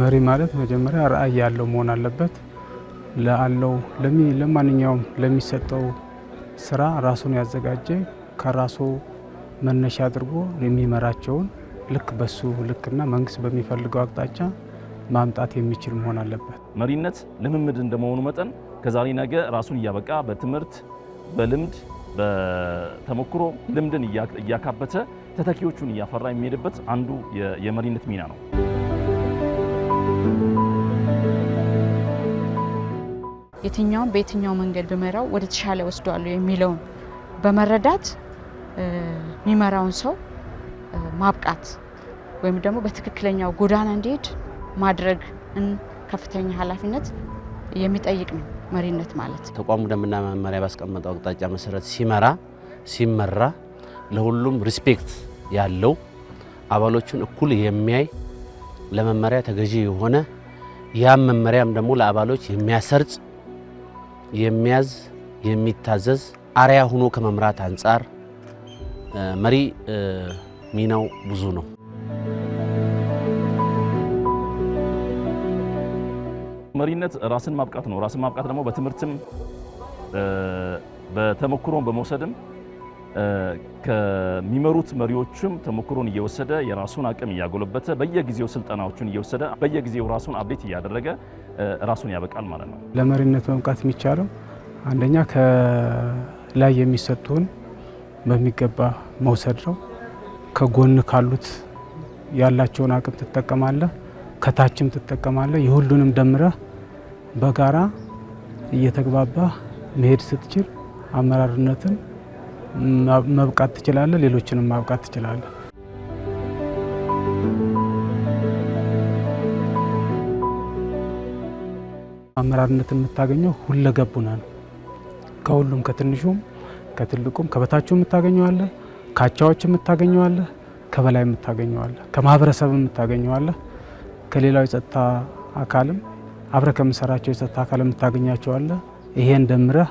መሪ ማለት መጀመሪያ ራዕይ ያለው መሆን አለበት። ለአለው ለማንኛውም ለሚሰጠው ስራ ራሱን ያዘጋጀ ከራሱ መነሻ አድርጎ የሚመራቸውን ልክ በሱ ልክና መንግስት በሚፈልገው አቅጣጫ ማምጣት የሚችል መሆን አለበት። መሪነት ልምምድ እንደመሆኑ መጠን ከዛሬ ነገ ራሱን እያበቃ በትምህርት በልምድ በተሞክሮ ልምድን እያካበተ ተተኪዎቹን እያፈራ የሚሄድበት አንዱ የመሪነት ሚና ነው። የትኛውም በየትኛው መንገድ ብመራው ወደ ተሻለ ወስደዋሉ የሚለውን በመረዳት የሚመራውን ሰው ማብቃት ወይም ደግሞ በትክክለኛው ጎዳና እንዲሄድ ማድረግ ከፍተኛ ኃላፊነት የሚጠይቅ ነው መሪነት ማለት። ተቋሙ ደንብና መመሪያ ባስቀመጠው አቅጣጫ መሰረት ሲመራ ሲመራ ለሁሉም ሪስፔክት ያለው አባሎቹን እኩል የሚያይ ለመመሪያ ተገዢ የሆነ ያም መመሪያም ደግሞ ለአባሎች የሚያሰርጽ የሚያዝ የሚታዘዝ አርያ ሆኖ ከመምራት አንጻር መሪ ሚናው ብዙ ነው። መሪነት ራስን ማብቃት ነው። ራስን ማብቃት ደግሞ በትምህርትም በተሞክሮም በመውሰድም ከሚመሩት መሪዎችም ተሞክሮን እየወሰደ የራሱን አቅም እያጎለበተ በየጊዜው ስልጠናዎችን እየወሰደ በየጊዜው ራሱን አብዴት እያደረገ ራሱን ያበቃል ማለት ነው። ለመሪነት መብቃት የሚቻለው አንደኛ ከላይ የሚሰጡን በሚገባ መውሰድ ነው። ከጎን ካሉት ያላቸውን አቅም ትጠቀማለህ፣ ከታችም ትጠቀማለህ። የሁሉንም ደምረህ በጋራ እየተግባባህ መሄድ ስትችል አመራርነትን መብቃት ትችላለ፣ ሌሎችንም ማብቃት ትችላለ። አመራርነት የምታገኘው ሁለገብ ሆነህ ነው። ከሁሉም ከትንሹም ከትልቁም ከበታችሁ የምታገኘዋለህ፣ ከአቻዎች የምታገኘዋለህ፣ ከበላይ የምታገኘዋለህ፣ ከማህበረሰብ የምታገኘዋለህ፣ ከሌላው የጸጥታ አካልም አብረ ከምሰራቸው የጸጥታ አካል የምታገኛቸዋለህ። ይሄን ደምረህ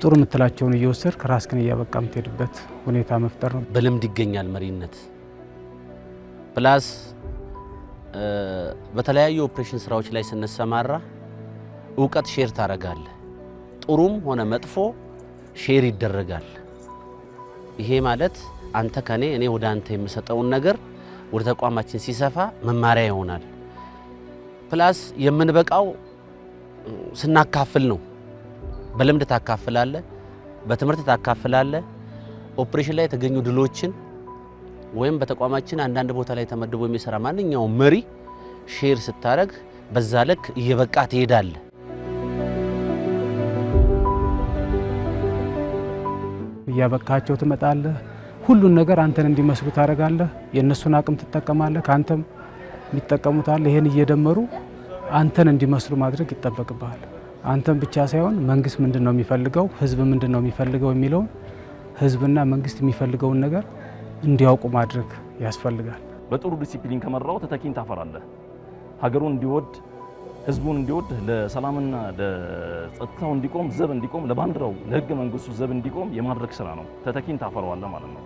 ጥሩ የምትላቸውን እየወሰድክ ራስህን እያበቃ የምትሄድበት ሁኔታ መፍጠር ነው። በልምድ ይገኛል መሪነት ፕላስ በተለያዩ ኦፕሬሽን ስራዎች ላይ ስንሰማራ እውቀት ሼር ታደርጋለህ። ጥሩም ሆነ መጥፎ ሼር ይደረጋል። ይሄ ማለት አንተ ከኔ እኔ ወደ አንተ የምሰጠውን ነገር ወደ ተቋማችን ሲሰፋ መማሪያ ይሆናል። ፕላስ የምንበቃው ስናካፍል ነው። በልምድ ታካፍላለ፣ በትምህርት ታካፍላለ። ኦፕሬሽን ላይ የተገኙ ድሎችን ወይም በተቋማችን አንዳንድ ቦታ ላይ ተመድቦ የሚሰራ ማንኛውም መሪ ሼር ስታደረግ በዛ ልክ እየበቃ ትሄዳለ። እያበቃቸው ትመጣለህ። ሁሉን ነገር አንተን እንዲመስሉ ታደርጋለህ። የእነሱን አቅም ትጠቀማለህ። ከአንተም የሚጠቀሙታል። ይህን እየደመሩ አንተን እንዲመስሉ ማድረግ ይጠበቅብሃል። አንተም ብቻ ሳይሆን መንግስት ምንድን ነው የሚፈልገው፣ ህዝብ ምንድን ነው የሚፈልገው የሚለውን ህዝብና መንግስት የሚፈልገውን ነገር እንዲያውቁ ማድረግ ያስፈልጋል። በጥሩ ዲሲፕሊን ከመራው ተተኪን ታፈራለህ። ሀገሩን እንዲወድ ህዝቡን እንዲወድ ለሰላምና ለጸጥታው እንዲቆም ዘብ እንዲቆም ለባንዲራው ለህገ መንግስቱ ዘብ እንዲቆም የማድረግ ስራ ነው። ተተኪን ታፈረዋለህ ማለት ነው።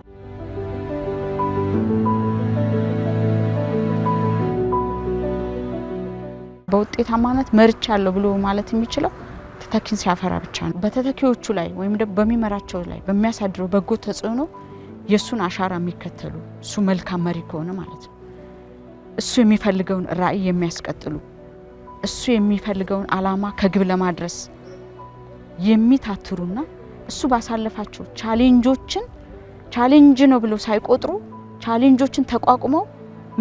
በውጤታማነት መርቻለሁ ብሎ ማለት የሚችለው ተተኪን ሲያፈራ ብቻ ነው። በተተኪዎቹ ላይ ወይም ደግሞ በሚመራቸው ላይ በሚያሳድረው በጎ ተጽዕኖ የእሱን አሻራ የሚከተሉ እሱ መልካም መሪ ከሆነ ማለት ነው እሱ የሚፈልገውን ራዕይ የሚያስቀጥሉ እሱ የሚፈልገውን አላማ ከግብ ለማድረስ የሚታትሩና እሱ ባሳለፋቸው ቻሌንጆችን ቻሌንጅ ነው ብለው ሳይቆጥሩ ቻሌንጆችን ተቋቁመው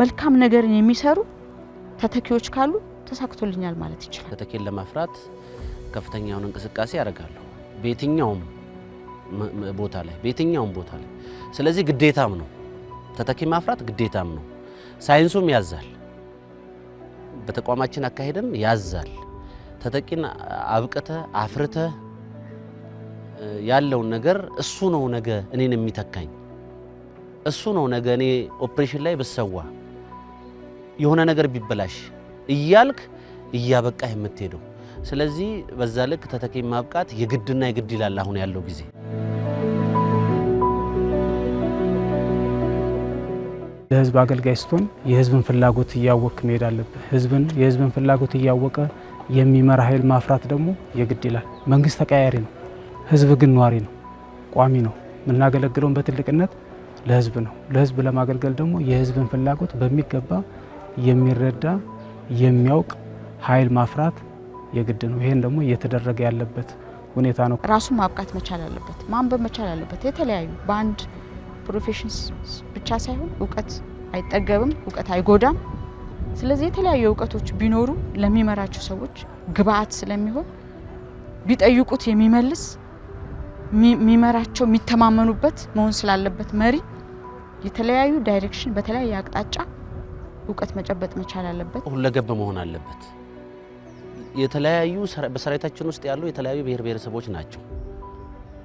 መልካም ነገርን የሚሰሩ ተተኪዎች ካሉ ተሳክቶልኛል ማለት ይችላል። ተተኪን ለማፍራት ከፍተኛውን እንቅስቃሴ ያደርጋለሁ በየትኛውም ቦታ ላይ በየትኛውም ቦታ ላይ። ስለዚህ ግዴታም ነው ተተኪ ማፍራት ግዴታም ነው። ሳይንሱም ያዛል፣ በተቋማችን አካሄድም ያዛል። ተተኪን አብቅተ አፍርተ ያለውን ነገር እሱ ነው ነገ እኔን የሚተካኝ እሱ ነው ነገ እኔ ኦፕሬሽን ላይ ብሰዋ የሆነ ነገር ቢበላሽ እያልክ እያበቃ የምትሄደው። ስለዚህ በዛ ልክ ተተኪ ማብቃት የግድና የግድ ይላል አሁን ያለው ጊዜ። ለህዝብ አገልጋይ ስትሆን የህዝብን ፍላጎት እያወቅ መሄድ አለብህ። ህዝብን የህዝብን ፍላጎት እያወቀ የሚመራ ኃይል ማፍራት ደግሞ የግድ ይላል። መንግስት ተቀያሪ ነው፣ ህዝብ ግን ኗሪ ነው፣ ቋሚ ነው። የምናገለግለውን በትልቅነት ለህዝብ ነው። ለህዝብ ለማገልገል ደግሞ የህዝብን ፍላጎት በሚገባ የሚረዳ የሚያውቅ ኃይል ማፍራት የግድ ነው። ይሄን ደግሞ እየተደረገ ያለበት ሁኔታ ነው። ራሱን ማብቃት መቻል አለበት፣ ማንበብ መቻል አለበት። የተለያዩ በአንድ ፕሮፌሽን ብቻ ሳይሆን እውቀት አይጠገብም፣ እውቀት አይጎዳም። ስለዚህ የተለያዩ እውቀቶች ቢኖሩ ለሚመራቸው ሰዎች ግብአት ስለሚሆን ቢጠይቁት የሚመልስ የሚመራቸው የሚተማመኑበት መሆን ስላለበት መሪ የተለያዩ ዳይሬክሽን በተለያየ አቅጣጫ እውቀት መጨበጥ መቻል አለበት፣ ሁለገብ መሆን አለበት። የተለያዩ በሰራዊታችን ውስጥ ያሉ የተለያዩ ብሔር ብሔረሰቦች ናቸው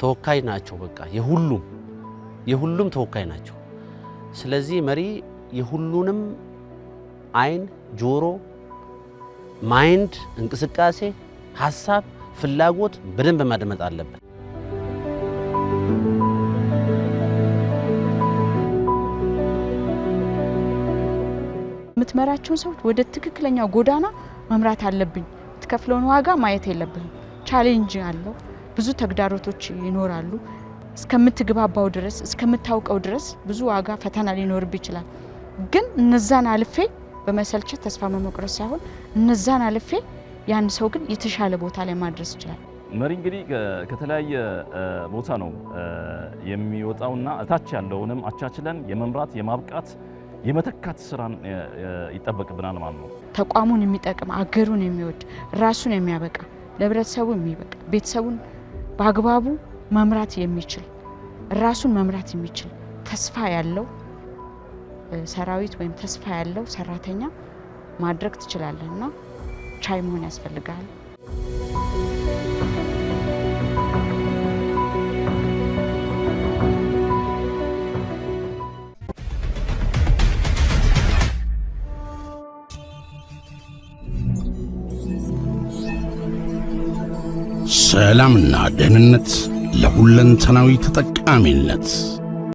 ተወካይ ናቸው። በቃ የሁሉም የሁሉም ተወካይ ናቸው። ስለዚህ መሪ የሁሉንም አይን፣ ጆሮ፣ ማይንድ፣ እንቅስቃሴ፣ ሀሳብ፣ ፍላጎት በደንብ ማድመጥ አለበት። የምትመራቸውን ሰዎች ወደ ትክክለኛው ጎዳና መምራት አለብኝ። የምትከፍለውን ዋጋ ማየት የለብህም። ቻሌንጅ አለው፣ ብዙ ተግዳሮቶች ይኖራሉ። እስከምትግባባው ድረስ እስከምታውቀው ድረስ ብዙ ዋጋ ፈተና ሊኖርብ ይችላል። ግን እነዛን አልፌ በመሰልቸት ተስፋ መመቁረጥ ሳይሆን እነዛን አልፌ ያን ሰው ግን የተሻለ ቦታ ላይ ማድረስ ይችላል። መሪ እንግዲህ ከተለያየ ቦታ ነው የሚወጣውና እታች ያለውንም አቻችለን የመምራት የማብቃት የመተካት ስራን ይጠበቅብናል ማለት ነው። ተቋሙን የሚጠቅም አገሩን የሚወድ ራሱን የሚያበቃ ለህብረተሰቡ የሚበቃ ቤተሰቡን በአግባቡ መምራት የሚችል ራሱን መምራት የሚችል ተስፋ ያለው ሰራዊት ወይም ተስፋ ያለው ሰራተኛ ማድረግ ትችላለህ እና ቻይ መሆን ያስፈልጋል። ሰላምና ደህንነት ለሁለንተናዊ ተጠቃሚነት